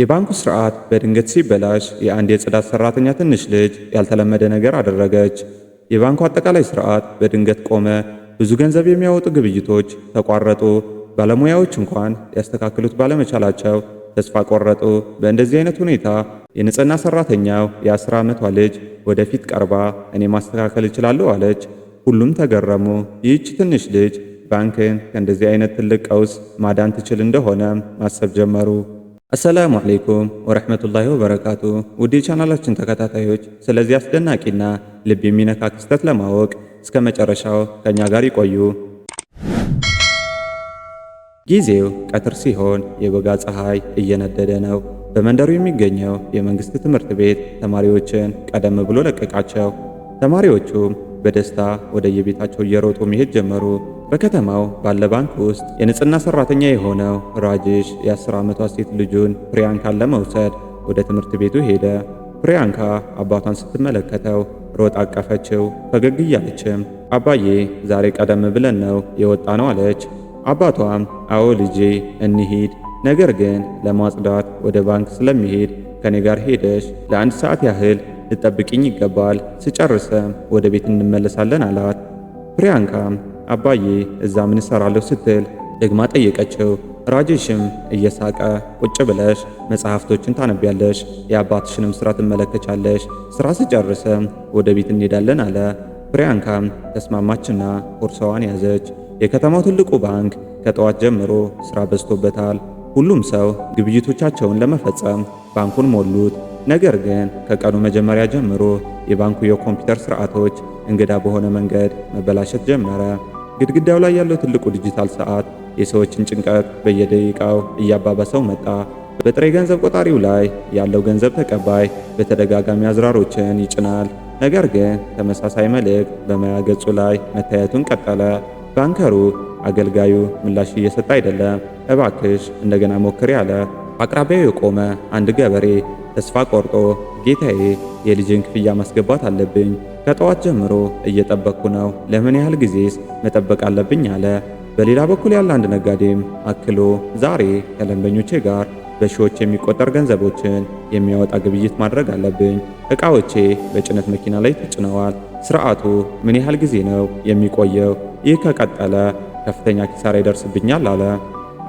የባንኩ ስርዓት በድንገት ሲበላሽ የአንድ የጽዳት ሰራተኛ ትንሽ ልጅ ያልተለመደ ነገር አደረገች። የባንኩ አጠቃላይ ስርዓት በድንገት ቆመ። ብዙ ገንዘብ የሚያወጡ ግብይቶች ተቋረጡ። ባለሙያዎች እንኳን ሊያስተካክሉት ባለመቻላቸው ተስፋ ቆረጡ። በእንደዚህ አይነት ሁኔታ የንጽህና ሰራተኛው የአስር ዓመቷ ልጅ ወደፊት ቀርባ እኔ ማስተካከል እችላለሁ አለች። ሁሉም ተገረሙ። ይህች ትንሽ ልጅ ባንክን ከእንደዚህ አይነት ትልቅ ቀውስ ማዳን ትችል እንደሆነ ማሰብ ጀመሩ። አሰላሙ አለይኩም ወረህመቱላሂ ወበረካቱ። ውድ የቻናላችን ተከታታዮች ስለዚህ አስደናቂና ልብ የሚነካ ክስተት ለማወቅ እስከ መጨረሻው ከእኛ ጋር ይቆዩ። ጊዜው ቀትር ሲሆን የበጋ ፀሐይ እየነደደ ነው። በመንደሩ የሚገኘው የመንግሥት ትምህርት ቤት ተማሪዎችን ቀደም ብሎ ለቀቃቸው። ተማሪዎቹም በደስታ ወደ የቤታቸው እየሮጡ መሄድ ጀመሩ። በከተማው ባለ ባንክ ውስጥ የንጽህና ሰራተኛ የሆነው ራጅሽ የ10 ዓመቷ ሴት ልጁን ፕሪያንካን ለመውሰድ ወደ ትምህርት ቤቱ ሄደ። ፕሪያንካ አባቷን ስትመለከተው ሮጥ አቀፈችው። ፈገግ እያለችም አባዬ ዛሬ ቀደም ብለን ነው የወጣ ነው አለች። አባቷም አዎ ልጄ እንሂድ፣ ነገር ግን ለማጽዳት ወደ ባንክ ስለሚሄድ ከኔ ጋር ሄደሽ ለአንድ ሰዓት ያህል ልጠብቅኝ ይገባል፣ ስጨርሰም ወደ ቤት እንመለሳለን አላት። ፕሪያንካም አባዬ እዛ ምን እሰራለሁ ስትል ደግማ ጠየቀችው። ራጀሽም እየሳቀ ቁጭ ብለሽ መጽሐፍቶችን ታነቢያለሽ፣ የአባትሽንም ስራ ትመለከቻለሽ፣ ስራ ስጨርሰም ወደ ቤት እንሄዳለን አለ። ፕሪያንካም ተስማማችና ቦርሳዋን ያዘች። የከተማው ትልቁ ባንክ ከጠዋት ጀምሮ ስራ በዝቶበታል። ሁሉም ሰው ግብይቶቻቸውን ለመፈጸም ባንኩን ሞሉት። ነገር ግን ከቀኑ መጀመሪያ ጀምሮ የባንኩ የኮምፒውተር ስርዓቶች እንግዳ በሆነ መንገድ መበላሸት ጀመረ። ግድግዳው ላይ ያለው ትልቁ ዲጂታል ሰዓት የሰዎችን ጭንቀት በየደቂቃው እያባባሰው መጣ። በጥሬ ገንዘብ ቆጣሪው ላይ ያለው ገንዘብ ተቀባይ በተደጋጋሚ አዝራሮችን ይጭናል። ነገር ግን ተመሳሳይ መልእክት በማያ ገጹ ላይ መታየቱን ቀጠለ። ባንከሩ አገልጋዩ ምላሽ እየሰጠ አይደለም። እባክሽ እንደገና ሞክሪ አለ። አቅራቢያው የቆመ አንድ ገበሬ ተስፋ ቆርጦ ጌታዬ፣ የልጅን ክፍያ ማስገባት አለብኝ ከጠዋት ጀምሮ እየጠበቅኩ ነው፣ ለምን ያህል ጊዜስ መጠበቅ አለብኝ አለ። በሌላ በኩል ያለ አንድ ነጋዴም አክሎ ዛሬ ከደንበኞቼ ጋር በሺዎች የሚቆጠር ገንዘቦችን የሚያወጣ ግብይት ማድረግ አለብኝ። እቃዎቼ በጭነት መኪና ላይ ተጭነዋል። ስርዓቱ ምን ያህል ጊዜ ነው የሚቆየው? ይህ ከቀጠለ ከፍተኛ ኪሳራ ይደርስብኛል አለ።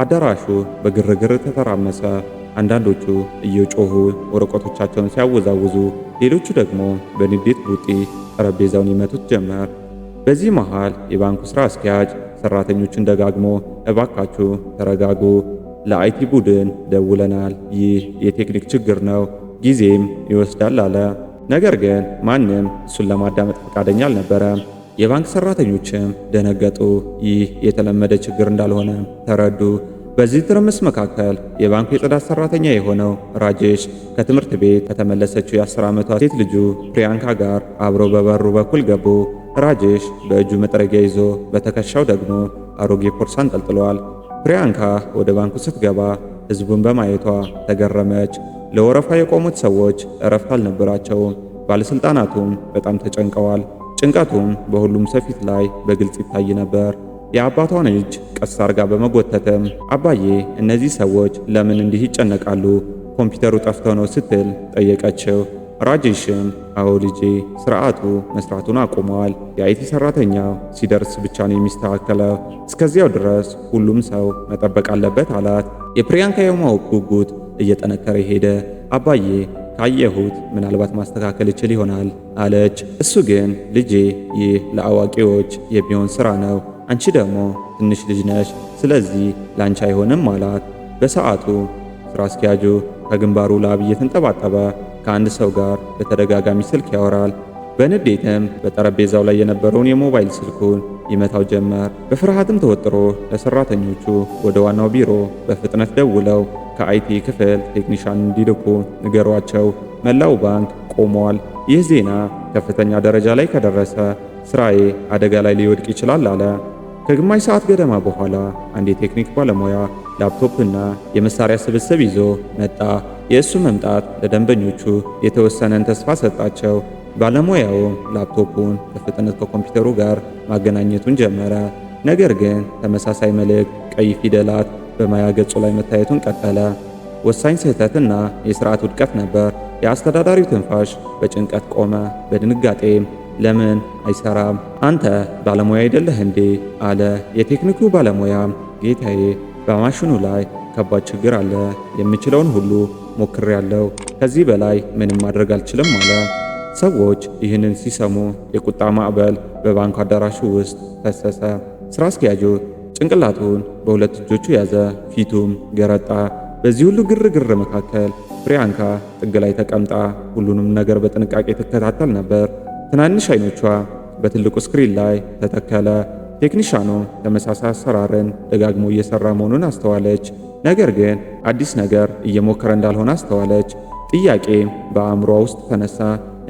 አዳራሹ በግርግር ተተራመሰ። አንዳንዶቹ እየጮሁ ወረቀቶቻቸውን ሲያወዛውዙ፣ ሌሎቹ ደግሞ በንዴት ቡጢ ጠረጴዛውን ይመቱት ጀመር። በዚህ መሃል የባንኩ ሥራ አስኪያጅ ሠራተኞቹን ደጋግሞ እባካችሁ ተረጋጉ፣ ለአይቲ ቡድን ደውለናል፣ ይህ የቴክኒክ ችግር ነው፣ ጊዜም ይወስዳል አለ። ነገር ግን ማንም እሱን ለማዳመጥ ፈቃደኛ አልነበረም። የባንክ ሠራተኞችም ደነገጡ፣ ይህ የተለመደ ችግር እንዳልሆነ ተረዱ። በዚህ ትርምስ መካከል የባንኩ የጽዳት ሰራተኛ የሆነው ራጄሽ ከትምህርት ቤት ከተመለሰችው የ10 ዓመቷ ሴት ልጁ ፕሪያንካ ጋር አብረው በበሩ በኩል ገቡ። ራጄሽ በእጁ መጥረጊያ ይዞ በትከሻው ደግሞ አሮጌ ቦርሳ አንጠልጥሏል። ፕሪያንካ ወደ ባንኩ ስትገባ ህዝቡን በማየቷ ተገረመች። ለወረፋ የቆሙት ሰዎች እረፍት አልነበራቸውም። ባለሥልጣናቱም በጣም ተጨንቀዋል። ጭንቀቱም በሁሉም ሰው ፊት ላይ በግልጽ ይታይ ነበር። የአባቷን እጅ ቀስ አርጋ በመጎተትም አባዬ እነዚህ ሰዎች ለምን እንዲህ ይጨነቃሉ? ኮምፒውተሩ ጠፍቶ ነው ስትል ጠየቀችው። ራጂሽን አዎ ልጄ፣ ስርዓቱ መስራቱን አቁሟል። የአይቲ ሰራተኛው ሲደርስ ብቻ ነው የሚስተካከለው። እስከዚያው ድረስ ሁሉም ሰው መጠበቅ አለበት አላት። የፕሪያንካ የማወቅ ጉጉት እየጠነከረ ሄደ። አባዬ ካየሁት ምናልባት ማስተካከል ይችል ይሆናል አለች። እሱ ግን ልጄ፣ ይህ ለአዋቂዎች የሚሆን ስራ ነው አንቺ ደግሞ ትንሽ ልጅ ነሽ፣ ስለዚህ ላንቺ አይሆንም አላት። በሰዓቱ ስራ አስኪያጁ ከግንባሩ ላብ እየተንጠባጠበ ከአንድ ሰው ጋር በተደጋጋሚ ስልክ ያወራል። በንዴትም በጠረጴዛው ላይ የነበረውን የሞባይል ስልኩን ይመታው ጀመር። በፍርሃትም ተወጥሮ ለሰራተኞቹ ወደ ዋናው ቢሮ በፍጥነት ደውለው ከአይቲ ክፍል ቴክኒሻን እንዲልኩ ንገሯቸው፣ መላው ባንክ ቆሟል፣ ይህ ዜና ከፍተኛ ደረጃ ላይ ከደረሰ ስራዬ አደጋ ላይ ሊወድቅ ይችላል አለ። ከግማሽ ሰዓት ገደማ በኋላ አንድ የቴክኒክ ባለሙያ ላፕቶፕ እና የመሳሪያ ስብስብ ይዞ መጣ። የእሱ መምጣት ለደንበኞቹ የተወሰነን ተስፋ ሰጣቸው። ባለሙያውም ላፕቶፑን በፍጥነት ከኮምፒውተሩ ጋር ማገናኘቱን ጀመረ። ነገር ግን ተመሳሳይ መልእክት ቀይ ፊደላት በማያ ገጹ ላይ መታየቱን ቀጠለ። ወሳኝ ስህተትና የስርዓት ውድቀት ነበር። የአስተዳዳሪው ትንፋሽ በጭንቀት ቆመ። በድንጋጤም ለምን አይሰራም? አንተ ባለሙያ አይደለህ እንዴ? አለ የቴክኒኩ ባለሙያ። ጌታዬ፣ በማሽኑ ላይ ከባድ ችግር አለ። የምችለውን ሁሉ ሞክሬያለሁ። ከዚህ በላይ ምንም ማድረግ አልችልም አለ። ሰዎች ይህንን ሲሰሙ የቁጣ ማዕበል በባንኩ አዳራሹ ውስጥ ፈሰሰ። ስራ አስኪያጁ ጭንቅላቱን በሁለት እጆቹ ያዘ፣ ፊቱም ገረጣ። በዚህ ሁሉ ግርግር መካከል ፕሪያንካ ጥግ ላይ ተቀምጣ ሁሉንም ነገር በጥንቃቄ ትከታተል ነበር። ትናንሽ አይኖቿ በትልቁ ስክሪን ላይ ተተከለ። ቴክኒሻኑ ተመሳሳይ አሰራርን ደጋግሞ እየሰራ መሆኑን አስተዋለች። ነገር ግን አዲስ ነገር እየሞከረ እንዳልሆነ አስተዋለች። ጥያቄ በአእምሯ ውስጥ ተነሳ።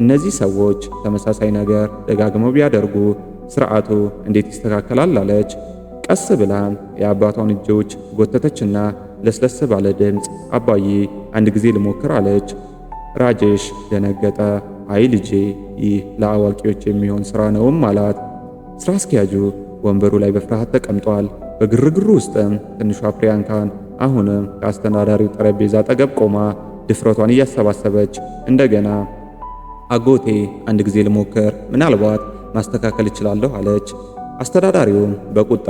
እነዚህ ሰዎች ተመሳሳይ ነገር ደጋግመው ቢያደርጉ ስርዓቱ እንዴት ይስተካከላል? አለች። ቀስ ብላ የአባቷን እጆች ጎተተችና ለስለስ ባለ ድምፅ አባዬ፣ አንድ ጊዜ ልሞክር አለች። ራጀሽ ደነገጠ። አይ ልጄ ይህ ለአዋቂዎች የሚሆን ሥራ ነውም አላት። ሥራ አስኪያጁ ወንበሩ ላይ በፍርሃት ተቀምጧል። በግርግሩ ውስጥም ትንሿ ፕሪያንካን አሁንም ከአስተናዳሪው ጠረጴዛ አጠገብ ቆማ ድፍረቷን እያሰባሰበች እንደገና አጎቴ አንድ ጊዜ ልሞክር፣ ምናልባት ማስተካከል እችላለሁ አለች። አስተዳዳሪውም በቁጣ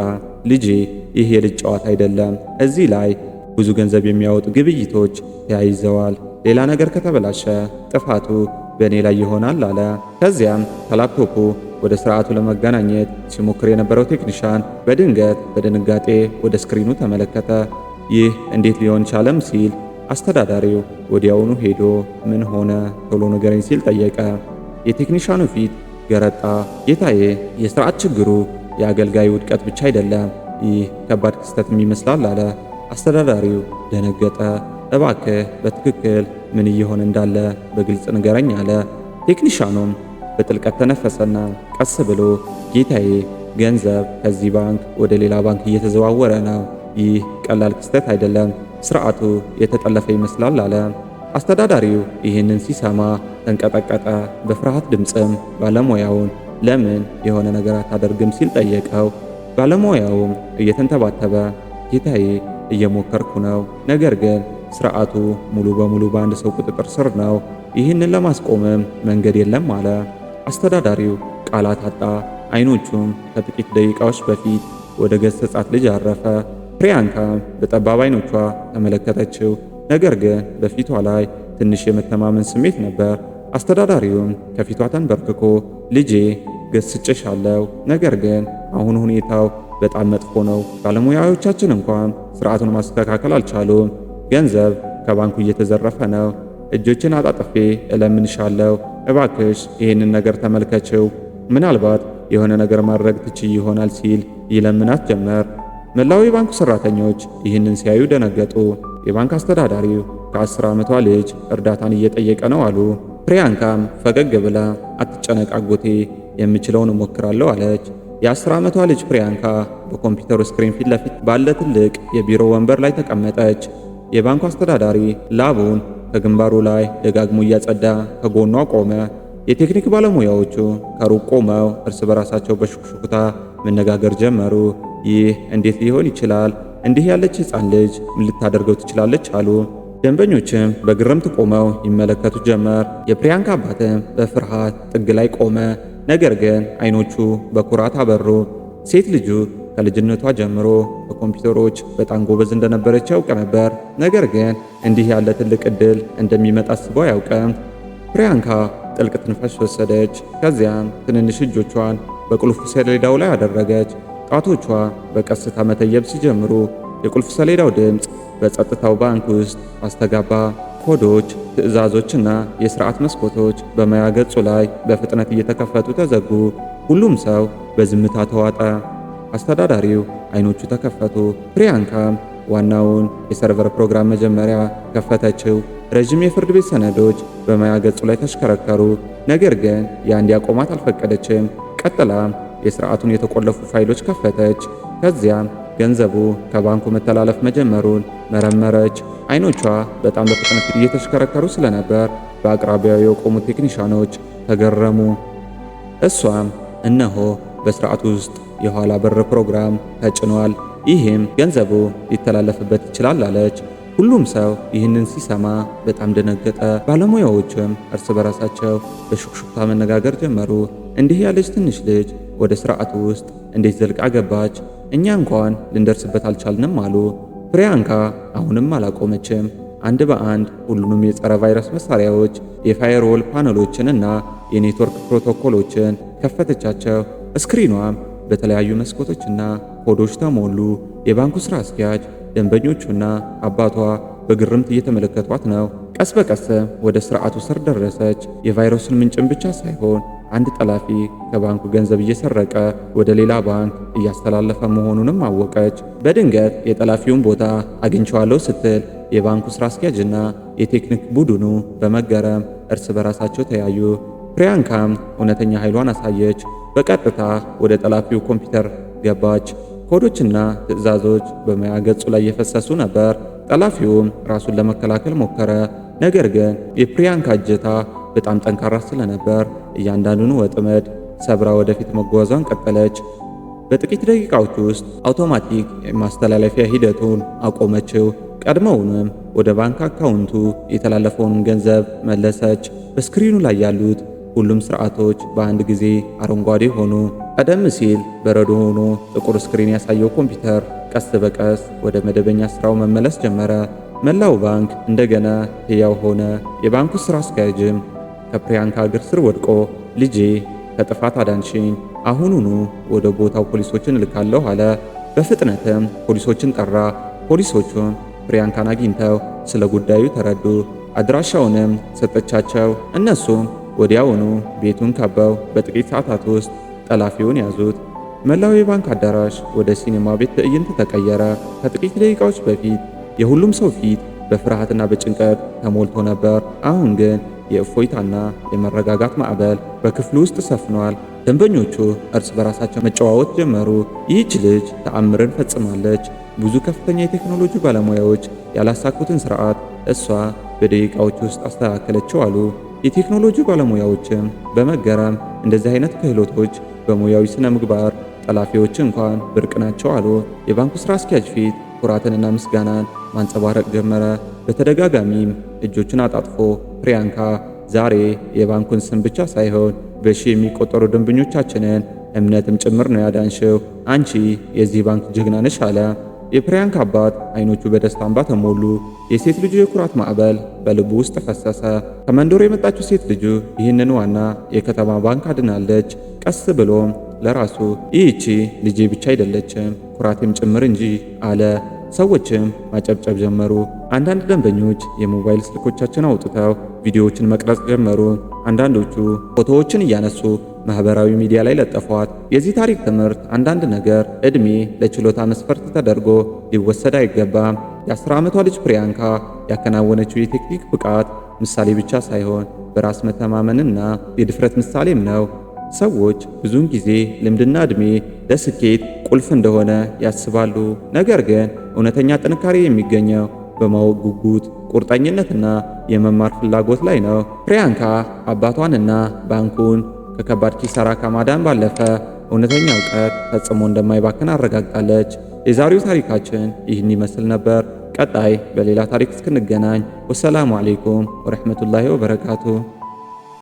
ልጄ ይህ የልጅ ጨዋታ አይደለም፣ እዚህ ላይ ብዙ ገንዘብ የሚያወጡ ግብይቶች ተያይዘዋል። ሌላ ነገር ከተበላሸ ጥፋቱ በእኔ ላይ ይሆናል አለ። ከዚያም ከላፕቶፑ ወደ ስርዓቱ ለመገናኘት ሲሞክር የነበረው ቴክኒሻን በድንገት በድንጋጤ ወደ ስክሪኑ ተመለከተ። ይህ እንዴት ሊሆን ቻለም ሲል አስተዳዳሪው ወዲያውኑ ሄዶ ምን ሆነ ቶሎ ንገረኝ ሲል ጠየቀ። የቴክኒሻኑ ፊት ገረጣ። ጌታዬ፣ የስርዓት ችግሩ የአገልጋይ ውድቀት ብቻ አይደለም፣ ይህ ከባድ ክስተትም ይመስላል አለ። አስተዳዳሪው ደነገጠ። እባክህ በትክክል ምን እየሆነ እንዳለ በግልጽ ንገረኝ አለ። ቴክኒሻኑም በጥልቀት ተነፈሰና ቀስ ብሎ ጌታዬ፣ ገንዘብ ከዚህ ባንክ ወደ ሌላ ባንክ እየተዘዋወረ ነው። ይህ ቀላል ክስተት አይደለም። ስርዓቱ የተጠለፈ ይመስላል አለ። አስተዳዳሪው ይህንን ሲሰማ ተንቀጠቀጠ። በፍርሃት ድምፅም ባለሙያውን ለምን የሆነ ነገር አታደርግም ሲል ጠየቀው። ባለሙያውም እየተንተባተበ ጌታዬ፣ እየሞከርኩ ነው ነገር ግን ስርዓቱ ሙሉ በሙሉ በአንድ ሰው ቁጥጥር ስር ነው። ይህንን ለማስቆምም መንገድ የለም አለ። አስተዳዳሪው ቃላት አጣ። አይኖቹም ከጥቂት ደቂቃዎች በፊት ወደ ገሰጻት ልጅ አረፈ። ፕሪያንካ በጠባብ አይኖቿ ተመለከተችው። ነገር ግን በፊቷ ላይ ትንሽ የመተማመን ስሜት ነበር። አስተዳዳሪውም ከፊቷ ተንበርክኮ ልጄ ገስጭሻለሁ፣ ነገር ግን አሁን ሁኔታው በጣም መጥፎ ነው። ባለሙያዎቻችን እንኳን ስርዓቱን ማስተካከል አልቻሉም። ገንዘብ ከባንኩ እየተዘረፈ ነው። እጆችን አጣጥፌ እለምንሻለሁ፣ እባክሽ ይህንን ነገር ተመልከችው፣ ምናልባት የሆነ ነገር ማድረግ ትችይ ይሆናል ሲል ይለምናት ጀመር። መላው የባንኩ ሰራተኞች ይህንን ሲያዩ ደነገጡ። የባንክ አስተዳዳሪው ከአስር ዓመቷ ልጅ እርዳታን እየጠየቀ ነው አሉ። ፕሪያንካም ፈገግ ብላ አትጨነቅ አጎቴ፣ የምችለውን እሞክራለሁ አለች። የአስር ዓመቷ ልጅ ፕሪያንካ በኮምፒውተሩ ስክሪን ፊት ለፊት ባለ ትልቅ የቢሮ ወንበር ላይ ተቀመጠች። የባንኩ አስተዳዳሪ ላቡን ከግንባሩ ላይ ደጋግሞ እያጸዳ ከጎኗ ቆመ። የቴክኒክ ባለሙያዎቹ ከሩቅ ቆመው እርስ በራሳቸው በሹክሹክታ መነጋገር ጀመሩ። ይህ እንዴት ሊሆን ይችላል? እንዲህ ያለች ሕፃን ልጅ ምን ልታደርገው ትችላለች? አሉ። ደንበኞችም በግርምት ቆመው ይመለከቱ ጀመር። የፕሪያንክ አባትም በፍርሃት ጥግ ላይ ቆመ። ነገር ግን አይኖቹ በኩራት አበሩ። ሴት ልጁ ከልጅነቷ ጀምሮ በኮምፒውተሮች በጣም ጎበዝ እንደነበረች ያውቅ ነበር። ነገር ግን እንዲህ ያለ ትልቅ ዕድል እንደሚመጣ አስቦ አያውቅም። ፕሪያንካ ጥልቅ ትንፋሽ ወሰደች። ከዚያም ትንንሽ እጆቿን በቁልፍ ሰሌዳው ላይ አደረገች። ጣቶቿ በቀስታ መተየብ ሲጀምሩ የቁልፍ ሰሌዳው ድምፅ በጸጥታው ባንክ ውስጥ አስተጋባ። ኮዶች፣ ትዕዛዞችና የሥርዓት መስኮቶች በማያ ገጹ ላይ በፍጥነት እየተከፈቱ ተዘጉ። ሁሉም ሰው በዝምታ ተዋጠ። አስተዳዳሪው አይኖቹ ተከፈቱ። ፕሪያንካም ዋናውን የሰርቨር ፕሮግራም መጀመሪያ ከፈተችው። ረዥም የፍርድ ቤት ሰነዶች በማያ ገጹ ላይ ተሽከረከሩ። ነገር ግን ያን ያቆማት አልፈቀደችም። ቀጥላም የስርዓቱን የተቆለፉ ፋይሎች ከፈተች። ከዚያም ገንዘቡ ከባንኩ መተላለፍ መጀመሩን መረመረች። አይኖቿ በጣም በፍጥነት እየተሽከረከሩ ስለነበር በአቅራቢያው የቆሙ ቴክኒሻኖች ተገረሙ። እሷም እነሆ በስርዓቱ ውስጥ የኋላ በር ፕሮግራም ተጭኗል፣ ይህም ገንዘቡ ሊተላለፍበት ይችላል አለች። ሁሉም ሰው ይህንን ሲሰማ በጣም ደነገጠ። ባለሙያዎችም እርስ በራሳቸው በሹክሹክታ መነጋገር ጀመሩ። እንዲህ ያለች ትንሽ ልጅ ወደ ስርዓቱ ውስጥ እንዴት ዘልቃ ገባች? እኛ እንኳን ልንደርስበት አልቻልንም አሉ። ፕሪያንካ አሁንም አላቆመችም። አንድ በአንድ ሁሉንም የጸረ ቫይረስ መሳሪያዎች፣ የፋየርዎል ፓነሎችን እና የኔትወርክ ፕሮቶኮሎችን ከፈተቻቸው። ስክሪኗም በተለያዩ መስኮቶችና ኮዶች ተሞሉ። የባንኩ ስራ አስኪያጅ ደንበኞቹና አባቷ በግርምት እየተመለከቷት ነው። ቀስ በቀስም ወደ ስርዓቱ ስር ደረሰች። የቫይረሱን ምንጭም ብቻ ሳይሆን አንድ ጠላፊ ከባንኩ ገንዘብ እየሰረቀ ወደ ሌላ ባንክ እያስተላለፈ መሆኑንም አወቀች። በድንገት የጠላፊውን ቦታ አግኝቼዋለሁ ስትል የባንኩ ስራ አስኪያጅና የቴክኒክ ቡድኑ በመገረም እርስ በራሳቸው ተያዩ። ፕሪያንካም እውነተኛ ኃይሏን አሳየች። በቀጥታ ወደ ጠላፊው ኮምፒውተር ገባች። ኮዶችና ትዕዛዞች በማያ ገጹ ላይ የፈሰሱ ነበር። ጠላፊውም ራሱን ለመከላከል ሞከረ። ነገር ግን የፕሪያንካ እጀታ በጣም ጠንካራ ስለነበር እያንዳንዱን ወጥመድ ሰብራ ወደፊት መጓዟን ቀጠለች። በጥቂት ደቂቃዎች ውስጥ አውቶማቲክ የማስተላለፊያ ሂደቱን አቆመችው። ቀድመውንም ወደ ባንክ አካውንቱ የተላለፈውንም ገንዘብ መለሰች። በስክሪኑ ላይ ያሉት ሁሉም ስርዓቶች በአንድ ጊዜ አረንጓዴ ሆኑ። ቀደም ሲል በረዶ ሆኖ ጥቁር ስክሪን ያሳየው ኮምፒውተር ቀስ በቀስ ወደ መደበኛ ስራው መመለስ ጀመረ። መላው ባንክ እንደገና ሕያው ሆነ። የባንኩ ስራ አስኪያጅም ከፕሪያንካ እግር ስር ወድቆ ልጄ ከጥፋት አዳንሽኝ፣ አሁኑኑ ወደ ቦታው ፖሊሶችን እልካለሁ አለ። በፍጥነትም ፖሊሶችን ጠራ። ፖሊሶቹም ፕሪያንካን አግኝተው ስለ ጉዳዩ ተረዱ። አድራሻውንም ሰጠቻቸው። እነሱም ወዲያውኑ ቤቱን ከበው በጥቂት ሰዓታት ውስጥ ጠላፊውን ያዙት። መላው የባንክ አዳራሽ ወደ ሲኔማ ቤት ትዕይንት ተቀየረ። ከጥቂት ደቂቃዎች በፊት የሁሉም ሰው ፊት በፍርሃትና በጭንቀት ተሞልቶ ነበር። አሁን ግን የእፎይታና የመረጋጋት ማዕበል በክፍሉ ውስጥ ሰፍኗል። ደንበኞቹ እርስ በራሳቸው መጨዋወት ጀመሩ። ይህች ልጅ ተአምርን ፈጽማለች። ብዙ ከፍተኛ የቴክኖሎጂ ባለሙያዎች ያላሳኩትን ስርዓት እሷ በደቂቃዎች ውስጥ አስተካከለችው አሉ። የቴክኖሎጂ ባለሙያዎችም በመገረም እንደዚህ አይነት ክህሎቶች በሙያዊ ስነ ምግባር ጠላፊዎች እንኳን ብርቅ ናቸው አሉ። የባንኩ ስራ አስኪያጅ ፊት ኩራትንና ምስጋናን ማንጸባረቅ ጀመረ። በተደጋጋሚም እጆቹን አጣጥፎ ፕሪያንካ ዛሬ የባንኩን ስም ብቻ ሳይሆን በሺ የሚቆጠሩ ደንበኞቻችንን እምነትም ጭምር ነው ያዳንሽው። አንቺ የዚህ ባንክ ጀግና ነሽ አለ። የፕሪያንካ አባት አይኖቹ በደስታ እንባ ተሞሉ። የሴት ልጁ የኩራት ማዕበል በልቡ ውስጥ ፈሰሰ። ከመንደሩ የመጣችው ሴት ልጁ ይህንን ዋና የከተማ ባንክ አድናለች። ቀስ ብሎም ለራሱ ይህቺ ልጄ ብቻ አይደለችም ኩራቴም ጭምር እንጂ አለ። ሰዎችም ማጨብጨብ ጀመሩ። አንዳንድ ደንበኞች የሞባይል ስልኮቻችን አውጥተው ቪዲዮዎችን መቅረጽ ጀመሩ። አንዳንዶቹ ፎቶዎችን እያነሱ ማህበራዊ ሚዲያ ላይ ለጠፏት። የዚህ ታሪክ ትምህርት አንዳንድ ነገር እድሜ ለችሎታ መስፈርት ተደርጎ ሊወሰድ አይገባም። የ10 ዓመቷ ልጅ ፕሪያንካ ያከናወነችው የቴክኒክ ብቃት ምሳሌ ብቻ ሳይሆን በራስ መተማመንና የድፍረት ምሳሌም ነው። ሰዎች ብዙውን ጊዜ ልምድና ዕድሜ ለስኬት ቁልፍ እንደሆነ ያስባሉ። ነገር ግን እውነተኛ ጥንካሬ የሚገኘው በማወቅ ጉጉት፣ ቁርጠኝነትና የመማር ፍላጎት ላይ ነው። ፕሪያንካ አባቷንና ባንኩን ከከባድ ኪሳራ ከማዳን ባለፈ እውነተኛ እውቀት ፈጽሞ እንደማይባክን አረጋግጣለች። የዛሬው ታሪካችን ይህን ይመስል ነበር። ቀጣይ በሌላ ታሪክ እስክንገናኝ ወሰላሙ አሌይኩም ወረሕመቱላሂ ወበረካቱ።